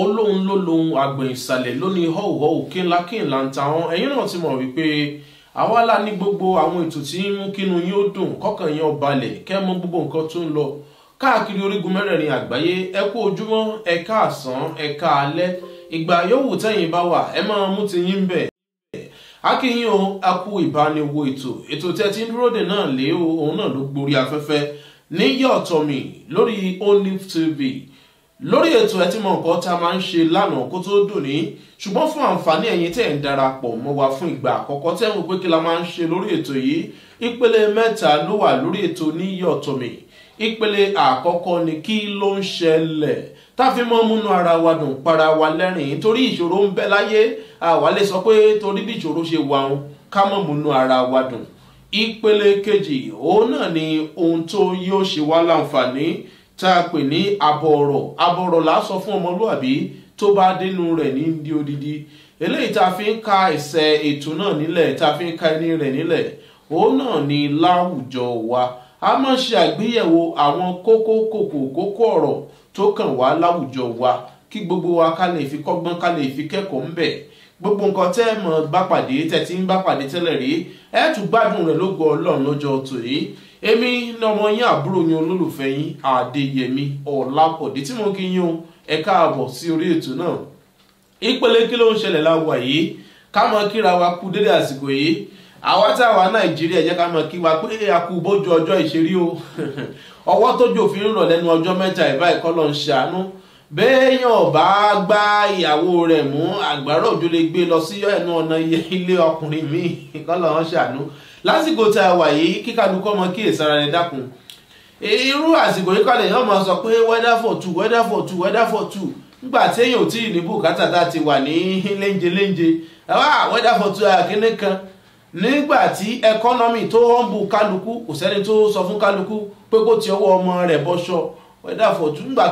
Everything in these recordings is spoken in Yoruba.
olóhun ló lohun àgbọ̀n ìsàlẹ̀ lónìí họ́wùhọ́wù kínla kínla ń ta wọn ẹ̀yin náà ti mọ̀ wípé àwa la ní gbogbo àwọn ètò tí ń mú kínú yín ó dùn kọ́kàn yín ó balẹ̀ kẹ́ mọ gbogbo nǹkan tó ń lọ káàkiri orígun mẹ́rẹ̀ẹ̀rin àgbáyé ẹ kú ojúmọ́ ẹ káàsán ẹ káalẹ́ ìgbà yòówù tẹ́yìn bá wà ẹ máa mú ti yín bẹ̀ akínyìn o a kú ìbániwo ètò ètò tẹ́ ti ń dúró dè náà lé òun náà ló gborí afẹ́fẹ́ ní yọ̀ọ̀tọ̀ mi lórí onif tv lórí ètò ẹ ti mọ nǹkan tá a máa ń ṣe lánàá kó tó dùn ní ṣùgbọ́n fún àǹfààní ẹ̀yin tẹ̀ ń darapọ̀ mọ́ wa fún ìgbà àkọ́kọ́ tẹ́ ń pé kí la máa ń ṣe lórí ètò yìí ìpele mẹ́ta ló wà lórí ètò níyọ̀tọ̀mì ìpele àkọ́kọ́ ni kí ló ń ṣẹlẹ̀ táfi mọ́ múnú ara wa dùn para wa lẹ́rìn torí ìṣòro ń bẹ láyé àwa lè sọ pé torí bí ìṣòro ṣe wà ń ká mọ́ múnú ara wa dùn ìpele kejì òun náà ni ohun tó yóò ṣe wá láǹfààní tá a pè ní àbọ̀rọ̀ àbọ̀rọ̀ là á sọ fún ọmọlúwàbí tó bá dénú rẹ̀ ní di odidi eléyìí tá a fi ń ka ẹsẹ̀ ètò náà nílẹ̀ tá a fi ń ka ẹni rẹ̀ nílẹ̀ òun náà ni láwùjọ wa a máa ṣe àgbéyẹ̀wò àwọn kókó kòkò kókó ọ̀rọ̀ tó kàn wá láwùjọ wa kí gbogbo wa ká lè fi kọ́gbọ́n ká lè fi kẹ́kọ̀ọ́ ńbẹ̀ gbogbo nǹkan tẹ́ ẹ mọ̀ bá pàdé tẹ́ ti ń bá pàdé tẹ́lẹ̀ rí ẹ tún gbádùn rẹ̀ lógo ọlọ́run lọ́jọ́ tòní èmi ní ọmọ yín àbúrò yín olólùfẹ́ yín adéyẹmí ọ̀làpọ̀dé tí mo kí yín o ẹ káàbọ̀ sí orí ètò náà ìpele kí ló ń ṣẹlẹ̀ láwùwà yìí ká mọ kíra wa kú dédé àsìkò yìí àwa tá a nàìjíríà jẹ́ ká mọ kí wa pé a kú bójú ọjọ́ ìṣeré o ọwọ́ tójú òfin rọ̀ lẹ́nu ọjọ́ mẹ́ta ìbá ẹ̀kọ́ lọ́n ṣàánú béèyàn bá gbá ìyàwó rẹ̀ mú àgbàrá òjò lè gbé lọ sí ẹnu ọ̀nà ilé ọkùnrin míì kọ́ lọ́n ṣàánú lásìkò tí a wà yìí kíkàdúkọ́ ọmọ kíyèsára rẹ̀ dákun irú àsìkò yìí kalẹ̀ yóò máa sọ pé weather for two weather for two weather for two nígbà tí èèyàn ò tí ì ní bùkátà tá a ti wà ní léńje léńje weather for two àkíní kan nígbà tí ẹkọ́nọ́mì tó hànbù kálukú kò sẹ́ni tó sọ fún kálukú pé kó ti ọwọ́ ọmọ rẹ̀ bọ́ṣọ weather for two nígbà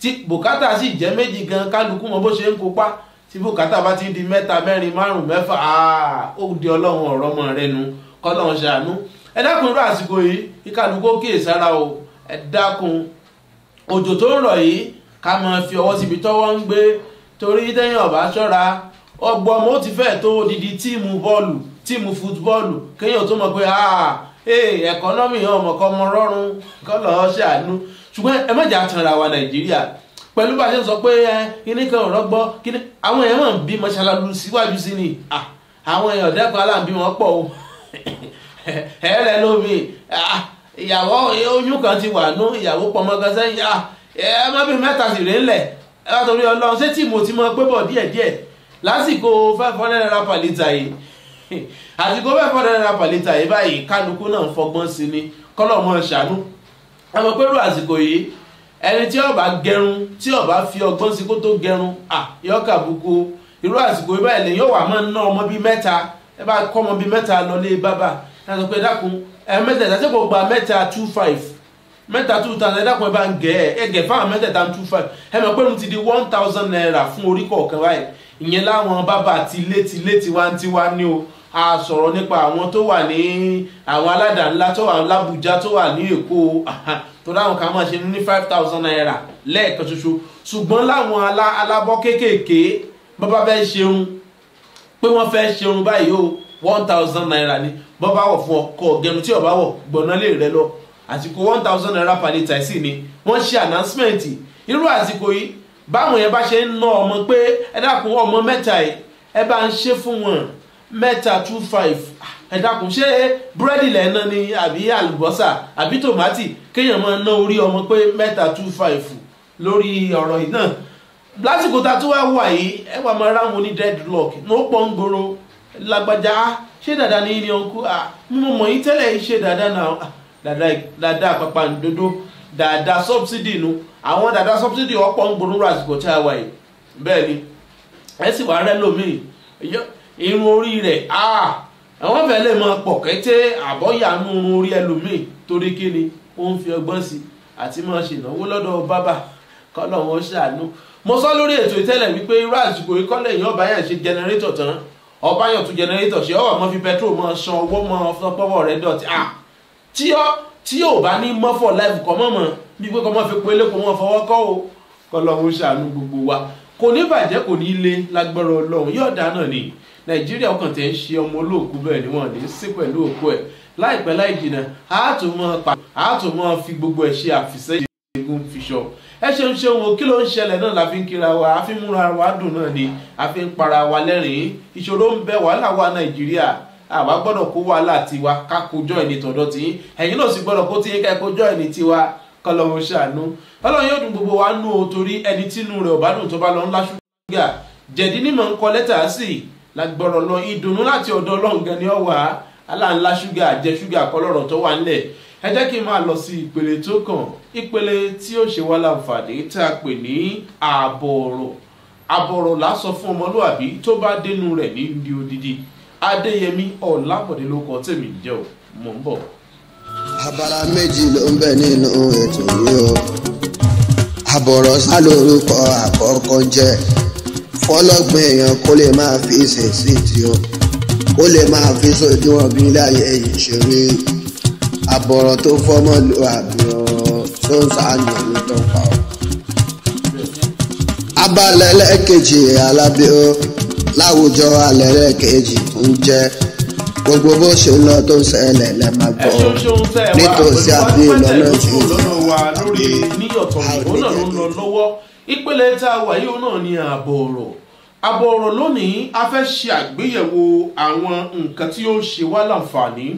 tí bùkátà sì jẹ́ méjì gan kálukú mọ bó ṣe ń kópa tí bùkátà bá ti di mẹ́ta mẹ́rin márùn-ún mẹ́fà ó di ọlọ́run ọ̀rọ̀ ọmọ rẹ nu ọlọ́run ṣàánú ẹ dákun irú àsìkò yìí kíkàlùkò kíyè sára o ẹ dákun òjò tó ń rọ̀ yìí ká máa fi ọwọ́ síbi tọ́wọ́ ń gbé torí tẹ́yìn ọ̀bá ṣọ́ra ọgbọ́n ọmọ ó ti fẹ́ tó odidi tíìmù bọ́ọ̀lù tíìmù fútbọ́ọ̀lù kéèyàn tó mọ̀ pé eh, ẹ̀kọ́nọ́mì ọmọ kan mọ rọrùn kọ́ lọ́ọ́ ṣàánú ṣùgbọ́n ẹ má jà wa nàìjíríà pẹ̀lú bá a ṣe sọ pé ẹ kíní kan ọ̀rọ̀ gbọ́ kíní àwọn èèyàn máa bí mọ́ṣáláṣí síwájú sí ni àwọn èèyàn dẹ́kun aláǹbí wọn pọ̀ o. ẹ̀rẹ̀ lómi ah, ìyàwó oyún kan ti wà nú ìyàwó pọmọ gan sẹ́yìn ah, ẹ má bí mẹ́ta sì rè ńlẹ̀ ẹ bá torí ọlọ́run ṣé tí mo ti mọ pé bọ̀ díẹ̀díẹ̀ lásìkò five hundred naira per litre yìí àsìkò five hundred naira per litre yìí báyìí kálukú náà ń fọgbọ́n sí ni kọ́lọ̀ mọ́ ṣàánú ẹ mọ̀ pé irú àsìkò yìí ẹni tí ó bá gẹrun tí ó bá fi ọgbọ́n sí kó tó gẹrun à yọ kàbùkù irú àsìkò yìí báyìí lè yóò wà máa ń ná ọmọ bíi mẹ́ta ẹ bá kọ́ ọmọ bíi mẹ́ta lọ lé bábà ẹ sọ pé ẹ dákun ẹ mẹ́ta ẹ̀ sẹ́kọ̀ọ́ gba mẹ́ta two five mẹ́ta two thousand ẹ dákun ẹ bá ń gẹ̀ ẹ ẹ gẹ̀ fáwọn mẹ́tẹ̀ẹ̀ta two five ẹ mọ̀ pé mo ti di one thousand naira fún orí kọ̀ọ̀kan báyìí ìyẹn láwọn bábà ti lé ti lé tiwantiwa ní o a sọ̀rọ̀ nípa àwọn tó wà ní àwọn aládàá-ńlá tó wà lábùjá tó wà ní èkó tó dáhùn ká máa ṣe ní five thousand naira lẹ́ẹ̀kan ṣoṣo ṣùgbọ́n láwọn alábọ́ kéékèèké bábá fẹ́ ṣeun pé wọ́n fẹ́ ṣerun báyìí o one thousand naira ni bọ́ bá wọ̀ fún ọ kọ ọ̀gẹnu tí ọba wọ̀ gbọ̀nà lè rẹ lọ àsìkò one thousand naira per litre sí ni wọ́n ṣe announcement irú àsìkò yìí báwọn yẹn bá ṣe ń ná ọmọ pé ẹ dákun ọmọ mẹ́ta yìí ẹ bá ń ṣe fún wọn mẹ́ta two five ah, ẹ dákun ṣé búrẹ́dì lẹ́ẹ̀ná ni àbí àlùbọ́sà àbí tòmátì kéèyàn máa ná orí ọmọ pé mẹ́ta two five lórí ọ̀rọ̀ yìí náà lásìkò tá a tún wá wà yìí ẹ wà máa ráwọn ní deadlock ní ó pọ̀ ń gbòòrò lágbájá ah, ṣé dàda ní ní ọkú à mímọ mọ̀ yìí tẹ́lẹ̀ ṣe dàda náà ah, dàda àpapà ǹdodo dàda subsidy nu àwọn dàda subsidy ọ̀pọ̀ ń gbòòrò lásìkò tí a wà yìí bẹ́ẹ̀ ni ẹ sì wá rẹ́ lómìn irun orí rẹ̀ ah, àwọn fẹ́ lè máa pọ̀ kẹ́tẹ́ àbọ̀yànú orí ẹlòmíì torí kí ni ó ń fi ọgbọ́n sí àti máa ṣèlówó lọ́dọ̀ bábà kọ́lọ̀ wọn ṣàánú mo sọ lórí ètò ìtẹ́lẹ̀ wípé irú àsìkò yìí kọ́lẹ̀ yìí ọba yẹn ṣe jẹnẹrétọ̀ tán ọba yẹn tún jẹnẹrétọ̀ ṣe ọwọ́ mọ́ fi pẹtrol mọ́ san owó mọ́ fọ́pọ́wọ́ rẹ̀ dọ̀tí à tí ó tí ò bá ní mọ́ for life kọ́ mọ́ mọ́ bí pé kọ́ mọ́ fi pelé kọ́ mọ́ fọwọ́ kọ́ o kọ́lọ̀ wọn ṣàánú gbogbo wa kò ní bàjẹ́ kò ní le lágbára ọlọ́run yóò dáná ni nàìjíríà ọkàn tẹ̀ ń ṣe ọmọ olóòkú bẹ́ẹ̀ ni wọ́n ní sí pẹ̀lú òkú ẹ̀ láìpẹ́ láì jìnnà àátùmọ̀ fi gbogbo ẹ̀ ṣe àfìsẹ́yìn egun fi ṣọ ẹ ṣeun ṣeun o kí ló ń ṣẹlẹ̀ náà la fi ń kira wa a fi ń múra wa dùn náà ni a fi ń para wa lẹ́rìn-ín ìṣòro ń bẹ wàhálà wa nàìjíríà àwa gbọ́dọ̀ kó wàhálà tiwa ká kojọ́ ẹni tọ̀dọ̀ tí ẹ̀yin náà sì gbọ́dọ̀ kó tí ká kojọ́ ẹni tiwa kọlọ́run ṣàánú ọlọ́run yóò dùn gbogbo wa nù o torí ẹni tínú rẹ̀ ò bá dùn tó bá lọ ńlá ṣúgà jẹ̀dí ní mọ̀ ń kọ lẹ́tà i lágbọ̀rọ̀ lọ ìdùnnú láti ọ̀dọ̀ ọlọ́run gan ni ọ wà ẹ jẹ́ kí n máa lọ sí ìpele tó kàn ìpele tí ó ṣe wá láǹfààní tá a pè ní ààbọ̀ ọ̀rọ̀ ààbọ̀ ọ̀rọ̀ lásọ fún ọmọlúwàbí tó bá dénú rẹ̀ ní ní odidi adéyẹmí ọ̀làbọ̀dé ló kọ tèmi jẹ́ ò mò ń bọ̀. abala méjì ló ń bẹ nínú ètò yìí o àbọ̀rọ̀ sá lórúkọ àkọ́kọ́ jẹ́ fọlọ́gbìn èèyàn kó lè máa fi ṣèṣì tí o kó lè máa fi sódiwọ̀n bí láyé yìí ṣe rí àbọ̀rọ̀ tó fọ́mọ́ lu àbọ̀rọ̀ tó ń sàánù ló tó pa ọ́. abalẹ̀ lẹ́ẹ̀kejì alábíó láwùjọ alẹ́ lẹ́ẹ̀kejì ń jẹ́ gbogbo bó ṣe ń lọ tó ń ṣẹlẹ̀ lẹ́ máa gbọ́ nítòsí àbí ìlọ́nà tí ó lọ́nà wa lórí níyọ̀tọ̀ òyìnbó náà ló ń lọ lọ́wọ́ ìpele tá a wà yìí náà ni ààbò ọ̀rọ̀ ààbò ọ̀rọ̀ lónìí a fẹ́ ṣe àgbéyẹ̀wò àwọn nǹkan tí ó ṣe wá láǹfààní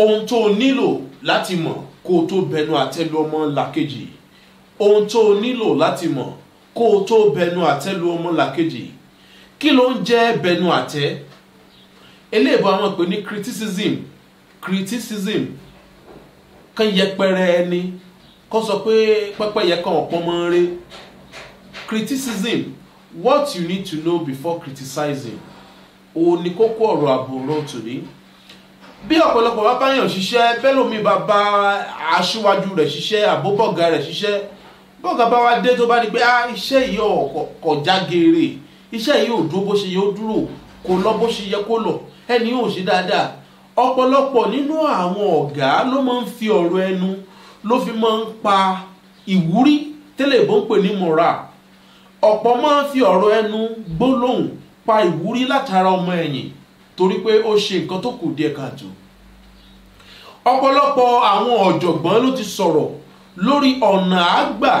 ohun tó nílò láti mọ̀ kó o tó bẹnu àtẹ́lu ọmọ làkejì ohun tó nílò láti mọ̀ kó o tó bẹnu àtẹ́lu ọmọ làkejì kí ló ń jẹ́ bẹnu àtẹ́ eléèbó àwọn pè ní criticism criticism kan yẹpẹrẹ ẹni kan sọ pé pẹpẹ yẹ kan ọ̀pọ̀ mọ́ rẹ criticism what you need to know before criticizing òun ni kókó ọ̀rọ̀ àbòrò tòní bí ọ̀pọ̀lọpọ̀ bá báyàn ṣiṣẹ́ bẹ́lómi bá bá aṣíwájú rẹ̀ ṣiṣẹ́ àbóbọ̀gá rẹ̀ ṣiṣẹ́ bọ́ọ̀gá bá wá dé tó bá ní pé ah iṣẹ́ yìí ọ̀kọ̀já geere iṣẹ́ yìí ò dúró bó ṣe yẹ ó dúró kò lọ bó ṣe yẹ kó lọ ẹni yóò ṣe dáadáa ọ̀pọ̀lọpọ̀ nínú àwọn ọ̀gá ló máa ń fi ọ̀rọ̀ ẹnu ló fi máa ń pa ìwúrí tẹ́lẹ̀ bó ń pè ní moral ọ̀pọ̀ máa ń fi ọ̀rọ̀ ẹnu gbólóhùn pa ìwúrí látara ọmọ ẹ̀yìn torí pé ó ṣe nǹkan tó kù díẹ̀ káàtó ọ̀pọ̀lọpọ̀ àwọn ọ̀jọ̀gbọ́n ló ti sọ̀rọ̀ lórí ọ̀nà àgbà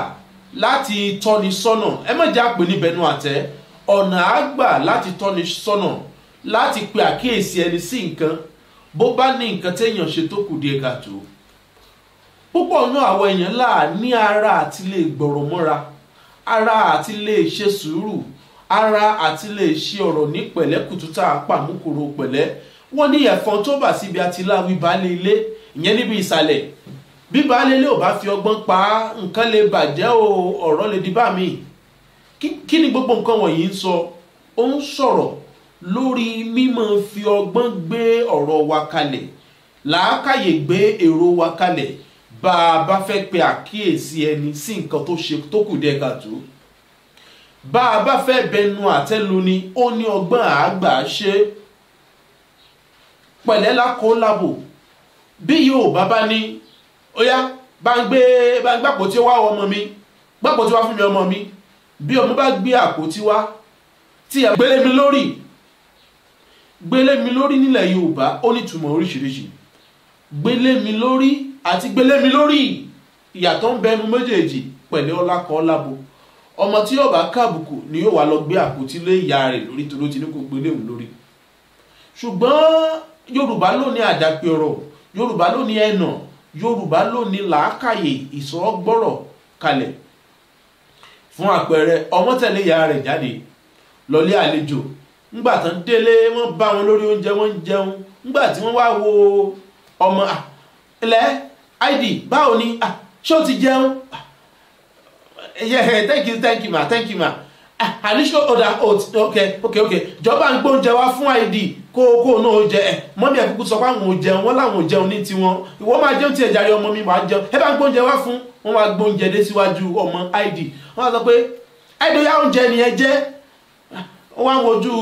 láti tọ́ni sọ́nà ẹ má jẹ́ àpè níbẹ̀nu àtẹ́ ọ̀nà àgbà láti tọ́ni sọ́nà láti pe àkíyèsí ẹni sí nǹkan bó bá ní nǹkan téèyàn ṣe tó kù díẹ̀ káàtó púpọ̀ náà àwọn èèyàn là ní ara àti lè gbọ̀rọ̀ mọ́ra ara àti lè ṣe sùúrù ara àti lè ṣe ọ̀rọ̀ ní pẹ̀lẹ́ kùtùtà pàmùkòrò pẹ̀lẹ́ wọ́n ní ẹ̀fọn tó bà síbi àti láwí baálé ilé ìyẹn níbi ìsàlẹ̀ bí baálé ilé ò bá fi ọgbọ́n pa nǹkan lè bàjẹ́ o ọ̀rọ̀ lè di bá mi kí ni gbogbo nǹkan wọ̀nyí ń sọ ó ń sọ̀rọ̀ lórí mímọ́ fi ọgbọ́n gbé ọ̀rọ̀ wa kalẹ̀ làákàyè gbé èrò wa kalẹ̀ bá a bá fẹ́ pe àkíyèsí ẹni sí nǹkan tó ṣe tó kù díẹ̀ káàtó bá a bá fẹ́ bẹnu àtẹ́lu ni ó ní ọgbọ́n àgbà ṣe pẹ̀lẹ́ lákò lábò bí yóò bá bá ní ó yá bá ń gbé bá ń gbé àpótí wá ọmọ mi gbé àpótí wá fún mi ọmọ mi bí ọmọ bá gbé àpótí wá tí a gbélé mi lórí gbélé mi lórí nílẹ̀ Yorùbá ó ní ìtumọ̀ oríṣiríṣi gbélé mi lórí àti gbélé mi lórí ìyàtọ̀ ń bẹnu méjèèjì pẹ̀lẹ́ ọlákọ̀ ọlábo ọmọ tí yóò bá kàbùkù ni yóò wá lọ gbé àpótí lé ìyá rẹ̀ lórí tó ló ti ní kó gbé léwu lórí ṣùgbọ́n yorùbá ló ní àdàpè ọ̀rọ̀ yorùbá ló ní ẹ̀nà yorùbá ló ní làákàyè ìsọ̀gbọ́rọ̀ kalẹ̀ fún àpẹẹrẹ ọmọ tẹ̀lé ìyá rẹ̀ jáde lọlé àlejò ńgbà tán délé wọ́n bá wọn lórí oúnjẹ wọ́n ń jẹun ńgbà tí wọ́n wá wo ọmọ ilẹ̀ id báwo ni ṣé ó ti jẹun yeah, thank you thank you ma thank you ma additional ah, order oath okay okay okay jọba ń gbóúnjẹ wá fún id kó kó náà ó jẹ ẹ eh, mọ́mí ẹ̀ kúkú sọ pé àwọn ò jẹun wọ́n láwọn ò jẹun ní tiwọn ìwọ máa jẹun tí ẹ̀ jàre ọmọ mi máa jẹun ẹ bá ń gbóúnjẹ wá fún wọn wá gbóúnjẹ dé síwájú ọmọ id wọn sọ pé id ó yá oúnjẹ nìyẹn jẹ ó wá ń wojú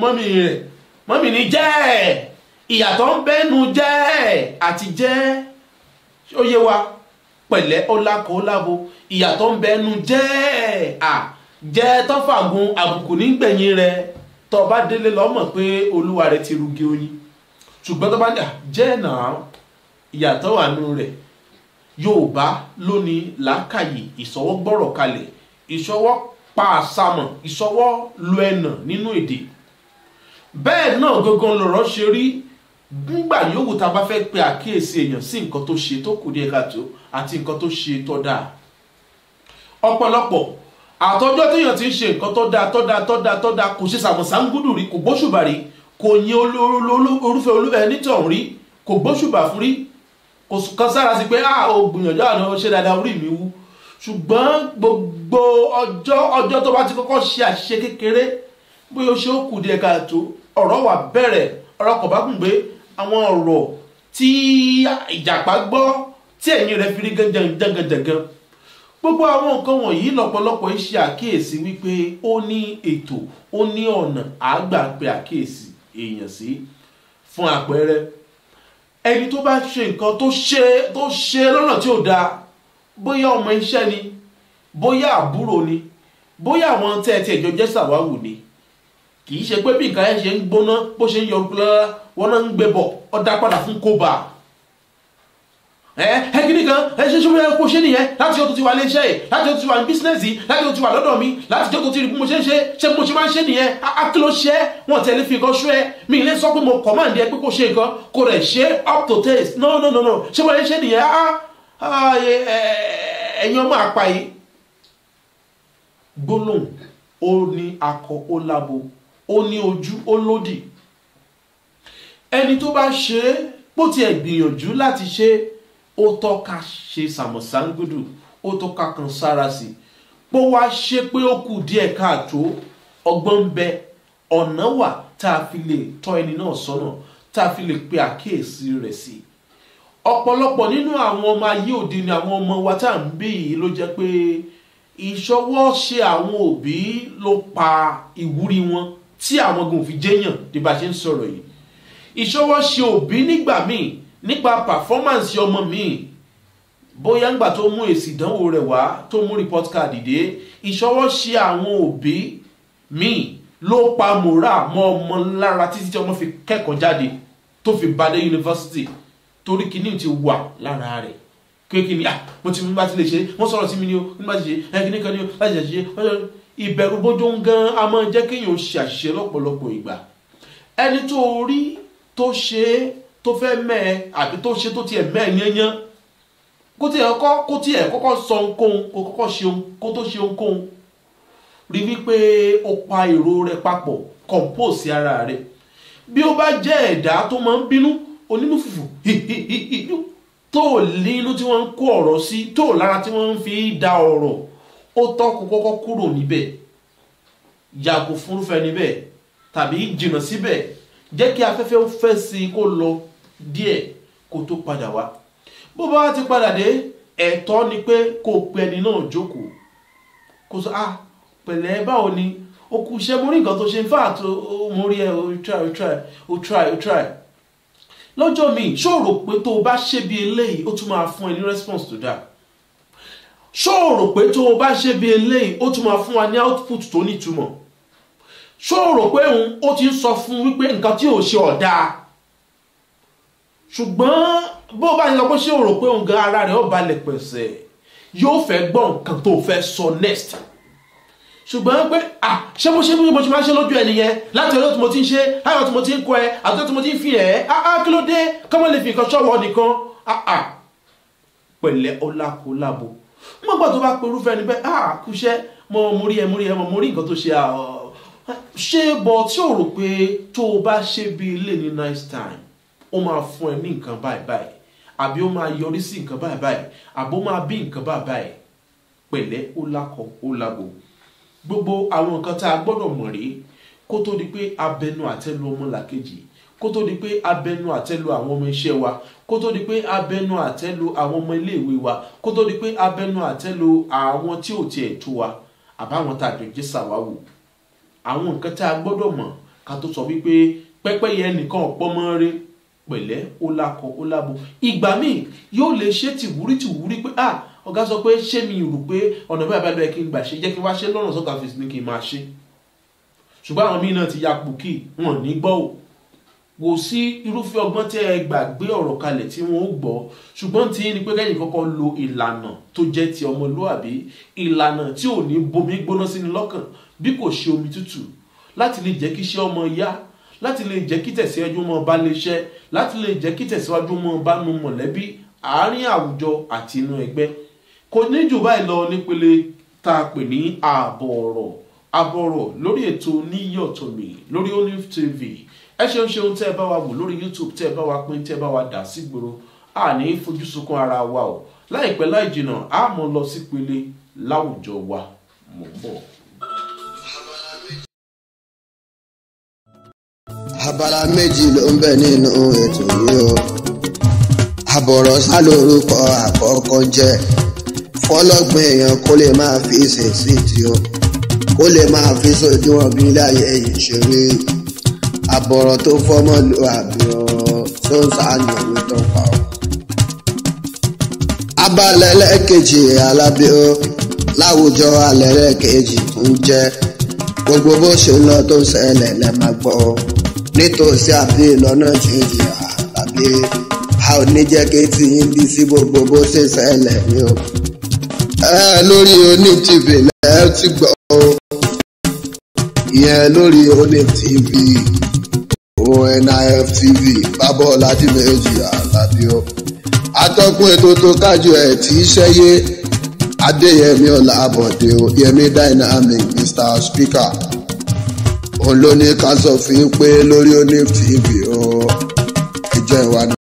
mọ́mí rẹ̀ mọ́mí ní jẹ́ ìyàtọ̀ ń bẹ́nu jẹ́ àti jẹ́ ó yé wa pẹ̀lẹ́ ó lákòó lábo ìyàtọ̀ ń bẹ ẹnu jẹ́ à jẹ́ tọ́fàgùn àbùkù nígbẹ̀yìn rẹ tó bá délé lọ́mọ̀ pé olúwa rẹ ti rugi oyin ṣùgbọ́n tó bá dà jẹ́ náà ìyàtọ̀ wà nù rẹ̀ yorùbá lónìí làákàyè ìsọwọ́ gbọ́rọ̀ kalẹ̀ ìsọwọ́ pa àsàmọ̀ ìsọwọ́ lu ẹ̀nà nínú èdè bẹ́ẹ̀ náà gangan lọ̀rọ̀ ṣe rí nígbà yòówù tá a bá fẹ́ pe àkíyèsí èèyàn sí nǹkan tó ṣe tó kù díẹ̀ káàtó àti nǹkan tó ṣe tó dáa ọ̀pọ̀lọpọ̀ àtọ́jọ́ téèyàn ti ń ṣe nǹkan tó dáa tó dáa tó dáa tó dáa kò ṣe sàmùsàǹgùdù rí kò gbóṣùbà rí kò yin olórúfẹ́ olúfẹ́ nítọ̀hún rí kò gbóṣùbà fún rí kò kan sára sí pé a ò gbìyànjú àná ṣe dáadáa orí mi wú ṣùgbọ́n gbogbo ọjọ́ ọjọ́ tó bá ti kọ́kọ́ ṣe àṣìṣe kékeré bóyá ó ṣe ó kù díẹ̀ káàtó ọ̀rọ̀ wà bẹ̀rẹ̀ ọ̀rọ̀ kọ̀ bá gùn gbé àwọn ọ̀rọ̀ tí ìjàpá gbọ́ tí ẹ̀yìn rẹ̀ fi rí gángan-jàngàn-jàngàn gbogbo àwọn nǹkan wọ̀nyí lọ́pọ̀lọpọ̀ ń ṣe àkíyèsí wípé ó ní ètò ó ní ọ̀nà àgbà pé àkíyèsí èèyàn sí fún àpẹẹrẹ ẹni tó bá ṣe nǹkan tó ṣe tó ṣe lọ́nà tí ò dáa bóyá ọmọ iṣẹ́ ni bóyá àbúrò ni bóyá àwọn tẹ́ ẹ ti ẹ̀jọ́ jẹ́ sàwáwù ni kì í ṣe pé bí nǹkan ẹ̀ ṣe ń gbóná bó ṣe ń yọ gbọ́lá wọn náà ń gbé bọ̀ ọ̀dà padà fún kóbà ẹ kíni kan ẹ ṣe ṣe fún kó ṣe nìyẹn láti ọtún ti wà léṣẹ́ yìí láti ọtún ti wà ní bísínẹ́sì láti ọtún ti wà lọ́dọ̀ mi láti ọtún ti rí bí mo ṣe ń ṣe ṣe bí mo ṣe máa ń ṣe nìyẹn á kí ló ṣe é wọn tẹ̀lé fi nǹkan ṣú ẹ mi ilé sọ pé mo command ẹ pé kó ṣe nǹkan kó rẹ̀ ṣe up to taste no no no no ṣé wọ́n lè ṣe nìyẹn á ẹ̀yin ọmọ àpá yìí gbólóhùn ó ní akọ ó lábo ó ní ojú ó lódì ẹni tó bá ṣe é bó tiẹ̀ gbìyànjú láti ṣe é ó tọ́ ká ṣe sàmọ̀sángúdù ó tọ́ ká kan sára sí i pé wá ṣe pé ó kù díẹ̀ káàtó ọgbọ́n ń bẹ ọ̀nà wà tá a fi lè tọ́ ẹni náà sọ́nà tá a fi lè pe àkíyèsí rẹ̀ sí i ọ̀pọ̀lọpọ̀ nínú àwọn ọmọ ayé òde ni àwọn ọmọ wa tá à ń bí yìí ló jẹ́ pé ìṣọwọ́ ṣe àwọn òbí ló pa ìwúrí wọn tí àwọn gan fi jẹ́yàn bí ṣe ń sọ̀rọ̀ yìí ìṣọwọ́ ṣe òbí nígbà míì nípa performance ọmọ mi bóyá ńgbà tó mú èsì ìdánwò rẹ̀ wá tó mú report card dé ìṣọwọ́ ṣe àwọn òbí mi ló pa mòrà mọ́ ọmọ lára títí tí ọmọ fi kẹ́kọ̀ọ́ jáde tó fi balẹ̀ yunifásitì torí kìíní ti wà lára rẹ̀ kéèké ni ah, mo ti bá ti lè ṣe wọ́n sọ̀rọ̀ sí mi ni o nígbà tí ṣe ẹ̀kíní kan ni o láti ṣe ṣe ìbẹ̀rù bójú ń gan a máa jẹ́ kéèyàn ṣe àṣìṣe lọ́pọ̀lọpọ̀ ìgbà ẹni tó rí tó ṣe é tó fẹ́ mẹ́ ẹ àbí tó ṣe tó tiẹ̀ mẹ́ ẹ yányán kó tiẹ̀ kọ́ kó tiẹ̀ kọ́kọ́ sọ ohunkóhun kó kọ́kọ́ ṣe ohun kó tó ṣe ohunkóhun rí wípé o pa èrò rẹ papọ̀ compose ara rẹ bí ó bá jẹ́ ẹ̀dá tó máa ń bínú onímùfùfù tó línú tí wọ́n ń kó ọ̀rọ̀ sí tó lára tí wọ́n ń fi da ọ̀rọ̀ ó tọ́ kó kọ́kọ́ kúrò níbẹ̀ yàgò fúnrúfẹ́ níbẹ̀ tàbí jìnnà síbẹ̀ jẹ́ kí afẹ́fẹ́ fẹ́ sí i kó lọ díẹ̀ kó tó padà wá bó bá ti padà dé ẹ̀tọ́ ni pé kó pe ẹni náà jókòó kó sọ ah pẹ̀lẹ́ báwo ni o ṣe mo rí nǹkan tó ṣe in fact mo rí ẹ o try o try o try o try lọ́jọ́ míì ṣó rò pé tó o bá ṣe bí eléyìí ó tún máa fún ẹ ní response tó dáa ṣó rò pé tó o bá ṣe bí eléyìí ó tún máa fún wa ní output tó nítumọ̀ ṣó rò pé òun ó ti ń sọ fún wípé nǹkan tí ò ṣe ọ̀dà ṣùgbọ́n bó bá ń lọ pé ṣé o rò pé òun gan ara rẹ̀ ó balẹ̀ pẹ̀sẹ̀ yóò fẹ́ gbọ́ nǹkan tó fẹ́ sọ next ṣùgbọ́n pé à ṣé mo ṣe bí mo ṣe máa ṣe lójú ẹni yẹn láti ọjọ́ tí mo ti ń ṣe láyọ̀ tí mo ti ń kọ ẹ àtọ́ tí mo ti ń fi ẹ̀ áá kí ló dé kọ́mọ́ lè fi nǹkan ṣọ́wọ́ nìkan áá pẹ̀lẹ́ ọlákòólàbò mo gbọ́ tó bá pe irúfẹ́ ni bẹ́ẹ̀ áá kú iṣẹ́ mo mo rí ẹ mo rí ẹ mo rí nǹkan tó ṣe ṣé bọ́ tí o rò pé tó o bá ṣe bí ilé ní nice time ó máa fún ẹ ní nǹkan báyìí báyìí àbí ó máa yọrí sí nǹkan báyìí báyìí àbó máa bí nǹkan báyìí báyìí pẹ̀lẹ́ ó lákọ ó lábo gbogbo àwọn nǹkan tá a gbọ́dọ̀ mọ̀ rèé kó tó di pé abẹnu àtẹ́lu ọmọlàkejì kó tó di pé abẹnu àtẹ́lu àwọn ọmọ iṣẹ́ wa kó tó di pé abẹnu àtẹ́lu àwọn ọmọ iléèwé wa kó tó di pé abẹnu àtẹ́lu àwọn tí ò tiẹ̀ tó wa àbáwọn tá a jọ jẹ́ sàwáwò àwọn nǹkan tá a gbọ́dọ̀ mọ̀ ká tó sọ wípé pẹ́pẹ́yẹ nìkan ọ̀pọ̀ mọ́ rẹ́ pẹ̀lẹ́ ó lakọ ó labo ìgbà míì yóò lè ṣe tìwúrí tìwúrí pé ah ọ̀gá sọ pé ṣé mi rò pé ọ̀nà bí àbáyọ kí n gbà ṣe jẹ́ kí n wá ṣe lọ́nà sọ́kà fèsì ni kì í máa ṣe ṣùgbọ́n àwọn míì náà ti ya pòkì wọn ní gbọ́ ò kò sí irúfẹ́ ọgbọ́n tí ẹ gbàgbé ọ̀rọ̀ kalẹ̀ tí wọ́n ó gbọ́ ṣùgbọ́n tí ní pé kẹ́yìn kọ́kọ́ lo ìlànà tó jẹ́ ti ọmọlúàbí ìlànà tí ò ní bomi gbóná sí ni lọ́kàn bí kò ṣe omi tútù láti lè jẹ́ kí iṣẹ́ ọmọ yá láti lè jẹ́ kí tẹ̀síwájú mọ́ bá lè ṣẹ́ láti lè jẹ́ kí tẹ̀síwájú mọ́ bá nu mọ̀lẹ́bí àárín àwùjọ àti inú ẹgbẹ́ kò ní jù báyìí lọ nípele tá a pè ní ààbò ọ̀rọ̀ ààbò ọ̀rọ̀ lórí ètò níyọ̀tòmí lórí olive tv ẹ ṣeun ṣeun tẹ́ ẹ bá wa wò lórí youtube tẹ́ ẹ bá wa pín tẹ́ ẹ bá wa dà sígboro àní fojú sunkún ara wa o láìpẹ́ láì jìnnà àmọ́ lọ sípele láwùjọ wa mò ń abala méjì ló ń bẹ nínú ètò yìí o àbọ̀rọ̀ sá lórúkọ àkọ́kọ́ jẹ́ fọlọ́gbìn èèyàn kó lè máa fi ṣèṣì tí o kó lè máa fi sòdiwọ̀n bí láyé yìí ṣe rí àbọ̀rọ̀ tó fọ́mọ́ lu àbúrò tó ń sáànù ìlú tó pa ọ́. abalẹ̀ lẹ́ẹ̀kejì alábíó láwùjọ alẹ́ lẹ́ẹ̀kejì ń jẹ́ gbogbo bó ṣe ń lọ tó ń ṣẹlẹ̀ lẹ́ẹ̀ máa gbọ́ ọ́ nítòsí àbí ìlọ́nà jìnjìn àbí a ò ní jẹ́ kí tí yín bí sí gbogbo bó ṣe ṣẹlẹ̀ ni o. ẹ lórí onítv lẹ ti gbọ́ o ìyẹn lórí onítv onif tv bábọ̀ ládìmẹ́jì àlàbí o. atọ́kùn ètò tó kájú ẹ̀ tí í ṣẹ́yé adéyẹmí ọ̀làbọ̀dé o yẹmí dynamic mr speaker òun ló ní ká sọ fún yín pé lórí ONIF TV o ẹ ìwà.